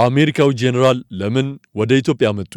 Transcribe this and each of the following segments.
አሜሪካዊ ጄኔራል ለምን ወደ ኢትዮጵያ መጡ?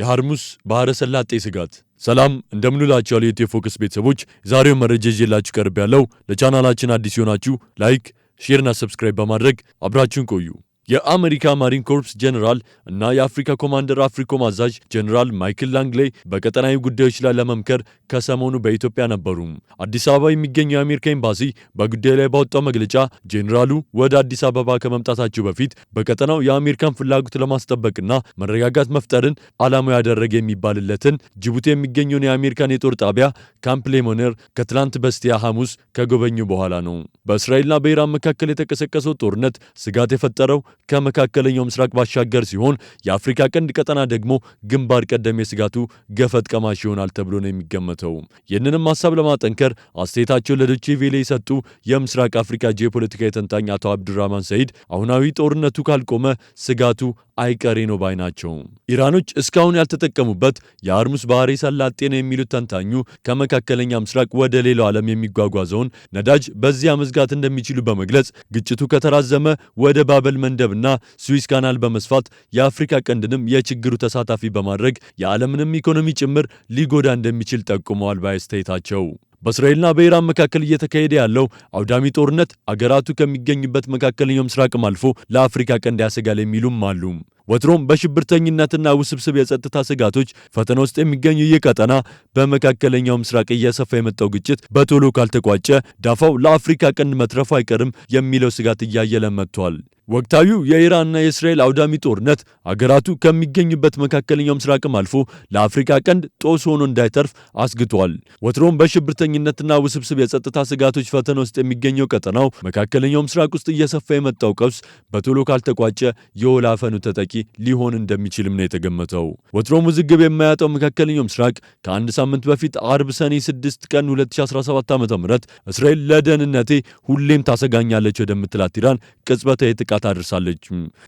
የሐርሙስ ባሕረ ሰላጤ ስጋት። ሰላም እንደምንላችኋል የኢትዮ ፎከስ ቤተሰቦች፣ ዛሬውን መረጃ ይዤላችሁ ቀርብ ያለው። ለቻናላችን አዲስ ሲሆናችሁ ላይክ፣ ሼርና ሰብስክራይብ በማድረግ አብራችሁን ቆዩ። የአሜሪካ ማሪን ኮርፕስ ጀኔራል እና የአፍሪካ ኮማንደር አፍሪኮም አዛዥ ጀኔራል ማይክል ላንግሌ በቀጠናዊ ጉዳዮች ላይ ለመምከር ከሰሞኑ በኢትዮጵያ ነበሩ። አዲስ አበባ የሚገኘው የአሜሪካ ኤምባሲ በጉዳዩ ላይ ባወጣው መግለጫ ጄኔራሉ ወደ አዲስ አበባ ከመምጣታቸው በፊት በቀጠናው የአሜሪካን ፍላጎት ለማስጠበቅና መረጋጋት መፍጠርን ዓላማው ያደረገ የሚባልለትን ጅቡቲ የሚገኘውን የአሜሪካን የጦር ጣቢያ ካምፕ ሌሞኔር ከትላንት በስቲያ ሐሙስ ከጎበኙ በኋላ ነው። በእስራኤልና በኢራን መካከል የተቀሰቀሰው ጦርነት ስጋት የፈጠረው ከመካከለኛው ምስራቅ ባሻገር ሲሆን የአፍሪካ ቀንድ ቀጠና ደግሞ ግንባር ቀደም የስጋቱ ገፈት ቀማሽ ይሆናል ተብሎ ነው የሚገመተው። ይህንንም ሀሳብ ለማጠንከር አስተያየታቸውን ለዶቼ ቬሌ የሰጡ የምስራቅ አፍሪካ ጂኦፖለቲካ የተንታኝ አቶ አብዱራህማን ሰይድ አሁናዊ ጦርነቱ ካልቆመ ስጋቱ አይቀሬ ነው ባይ ናቸው። ኢራኖች እስካሁን ያልተጠቀሙበት የአርሙስ ባህሬ ሰላጤ ነው የሚሉት ተንታኙ ከመካከለኛ ምስራቅ ወደ ሌላው ዓለም የሚጓጓዘውን ነዳጅ በዚያ መዝጋት እንደሚችሉ በመግለጽ ግጭቱ ከተራዘመ ወደ ባበል መንደብና ስዊስ ካናል በመስፋት የአፍሪካ ቀንድንም የችግሩ ተሳታፊ በማድረግ የዓለምንም ኢኮኖሚ ጭምር ሊጎዳ እንደሚችል ጠቁመዋል ባይ አስተያየታቸው በእስራኤልና በኢራን መካከል እየተካሄደ ያለው አውዳሚ ጦርነት አገራቱ ከሚገኝበት መካከለኛው ምስራቅም አልፎ ለአፍሪካ ቀንድ ያሰጋል የሚሉም አሉ። ወትሮም በሽብርተኝነትና ውስብስብ የጸጥታ ስጋቶች ፈተና ውስጥ የሚገኙ ይህ ቀጠና በመካከለኛው ምስራቅ እየሰፋ የመጣው ግጭት በቶሎ ካልተቋጨ ዳፋው ለአፍሪካ ቀንድ መትረፉ አይቀርም የሚለው ስጋት እያየለ መጥቷል። ወቅታዊው የኢራንና የእስራኤል አውዳሚ ጦርነት አገራቱ ከሚገኙበት መካከለኛው ምስራቅም አልፎ ለአፍሪካ ቀንድ ጦስ ሆኖ እንዳይተርፍ አስግቷል። ወትሮም በሽብርተኝነትና ውስብስብ የጸጥታ ስጋቶች ፈተና ውስጥ የሚገኘው ቀጠናው መካከለኛው ምስራቅ ውስጥ እየሰፋ የመጣው ቀውስ በቶሎ ካልተቋጨ የወላፈኑ ተጠቂ ሊሆን እንደሚችልም ነው የተገመተው። ወትሮም ውዝግብ የማያጣው መካከለኛው ምስራቅ ከአንድ ሳምንት በፊት አርብ ሰኔ 6 ቀን 2017 ዓ ም እስራኤል ለደህንነቴ ሁሌም ታሰጋኛለች ወደምትላት ኢራን ቅጽበታዊ ጥቃት ጉዳት አድርሳለች።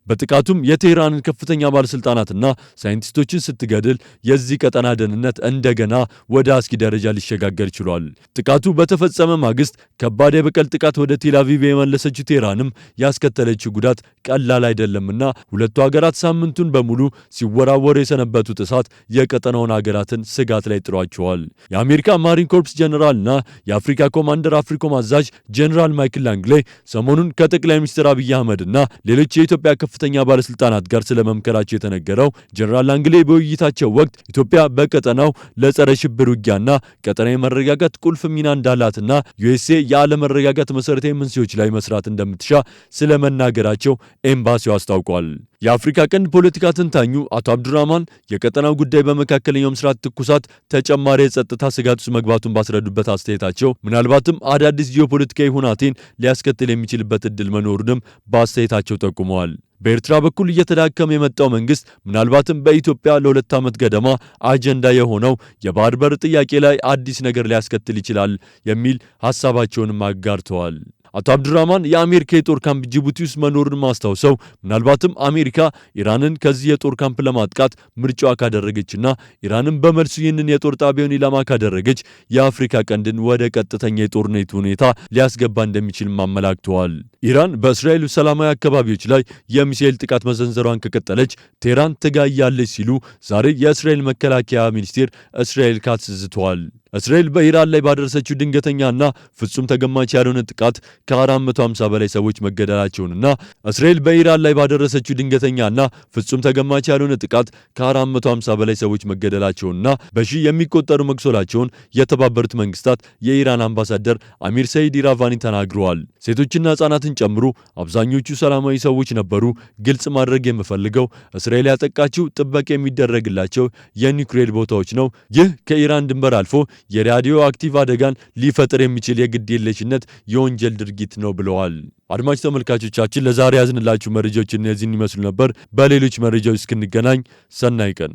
በጥቃቱም የቴህራንን ከፍተኛ ባለሥልጣናትና ሳይንቲስቶችን ስትገድል የዚህ ቀጠና ደህንነት እንደገና ወደ አስጊ ደረጃ ሊሸጋገር ችሏል። ጥቃቱ በተፈጸመ ማግስት ከባድ የበቀል ጥቃት ወደ ቴላቪቭ የመለሰችው ቴህራንም ያስከተለችው ጉዳት ቀላል አይደለምና ሁለቱ ሀገራት ሳምንቱን በሙሉ ሲወራወር የሰነበቱት እሳት የቀጠናውን ሀገራትን ስጋት ላይ ጥሏቸዋል። የአሜሪካ ማሪን ኮርፕስ ጀኔራልና የአፍሪካ ኮማንደር አፍሪኮም አዛዥ ጀኔራል ማይክል ላንግሌ ሰሞኑን ከጠቅላይ ሚኒስትር አብይ አህመድ እና ሌሎች የኢትዮጵያ ከፍተኛ ባለስልጣናት ጋር ስለመምከራቸው የተነገረው ጀነራል ላንግሌ በውይይታቸው ወቅት ኢትዮጵያ በቀጠናው ለጸረ ሽብር ውጊያና ቀጠናዊ መረጋጋት ቁልፍ ሚና እንዳላትና ዩኤስኤ የአለመረጋጋት መረጋጋት መሠረታዊ መንስኤዎች ላይ መስራት እንደምትሻ ስለመናገራቸው ኤምባሲው አስታውቋል። የአፍሪካ ቀንድ ፖለቲካ ተንታኙ አቶ አብዱራማን የቀጠናው ጉዳይ በመካከለኛው ምስራት ትኩሳት ተጨማሪ የጸጥታ ስጋት ውስጥ መግባቱን ባስረዱበት አስተያየታቸው ምናልባትም አዳዲስ ጂኦፖለቲካዊ ሁናቴን ሊያስከትል የሚችልበት እድል መኖሩንም በአስተያየት አስተያየታቸው ጠቁመዋል። በኤርትራ በኩል እየተዳከመ የመጣው መንግስት ምናልባትም በኢትዮጵያ ለሁለት ዓመት ገደማ አጀንዳ የሆነው የባህር በር ጥያቄ ላይ አዲስ ነገር ሊያስከትል ይችላል የሚል ሀሳባቸውንም አጋርተዋል። አቶ አብዱራማን የአሜሪካ የጦር ካምፕ ጅቡቲ ውስጥ መኖሩን ማስታውሰው ምናልባትም አሜሪካ ኢራንን ከዚህ የጦር ካምፕ ለማጥቃት ምርጫዋ ካደረገችና ኢራንን በመልሱ ይህንን የጦር ጣቢያውን ኢላማ ካደረገች የአፍሪካ ቀንድን ወደ ቀጥተኛ የጦርነት ሁኔታ ሊያስገባ እንደሚችል አመላክተዋል። ኢራን በእስራኤል ሰላማዊ አካባቢዎች ላይ የሚሳኤል ጥቃት መሰንዘሯን ከቀጠለች ቴህራን ትጋያለች ሲሉ ዛሬ የእስራኤል መከላከያ ሚኒስቴር እስራኤል ካትዝ እስራኤል በኢራን ላይ ባደረሰችው ድንገተኛና ፍጹም ተገማች ያልሆነ ጥቃት ከ450 በላይ ሰዎች መገደላቸውንና እስራኤል በኢራን ላይ ባደረሰችው ድንገተኛና ፍጹም ተገማች ያልሆነ ጥቃት ከ450 በላይ ሰዎች መገደላቸውንና በሺህ የሚቆጠሩ መቁሰላቸውን የተባበሩት መንግስታት የኢራን አምባሳደር አሚር ሰይድ ኢራቫኒ ተናግረዋል። ሴቶችና ህጻናትን ጨምሮ አብዛኞቹ ሰላማዊ ሰዎች ነበሩ። ግልጽ ማድረግ የምፈልገው እስራኤል ያጠቃችው ጥበቃ የሚደረግላቸው የኒውክሌር ቦታዎች ነው። ይህ ከኢራን ድንበር አልፎ የራዲዮ አክቲቭ አደጋን ሊፈጥር የሚችል የግድየለሽነት የወንጀል ድርጊት ነው ብለዋል። አድማጭ ተመልካቾቻችን ለዛሬ ያዝንላችሁ መረጃዎች እነዚህን ይመስሉ ነበር። በሌሎች መረጃዎች እስክንገናኝ ሰናይ ቀን